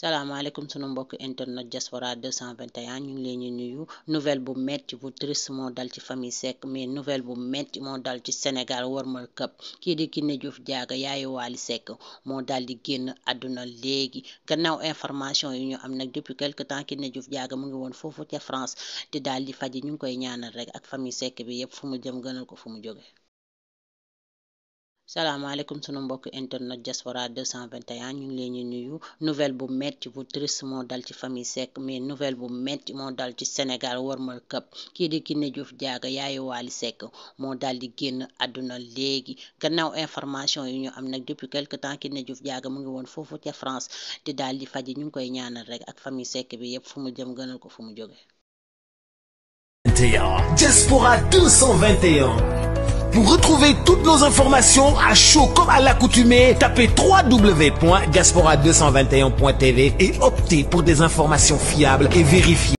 salaamaaleykum sunu mbokk internet diaspora 221 ñu ngi leen ñu nuyu nouvelle bu metti bu triste moo dal ci famille Seck mais nouvelle bu metti moo dal ci Sénégal warmal këpp kii di Kiné Diouf Diaga yaayu waali Seck moo dal di génn àdduna léegi gannaaw information yu ñu am nag depuis quelque temps Kiné Diouf Diaga mu ngi woon foofu ca France di dal di faji ñu ngi koy ñaanal rek ak famille Seck bi yëpp fu mu jëm gënal ko fu mu jóge salaamaaleykum sunu mbokk internet diaspora 221 ñu ngi leen ñu nuyu nouvelle bu metti bu triste moo dal ci famille Seck mais nouvelle bu metti moo dal ci Sénégal warmal këpp kii di Kiné Diouf Diaga yaayu Wally Seck moo daal di génn àdduna léegi gannaaw information yu ñu am nag depuis quelque temps Kiné Diouf Diaga mu ngi woon foofu ca France di daal di faji ñu ngi koy ñaanal rek ak famille Seck bi yépp fu mu jëm gënal ko fu mu jóge Pour retrouver toutes nos informations à chaud comme à l'accoutumée, tapez www.diaspora221.tv et optez pour des informations fiables et vérifiées.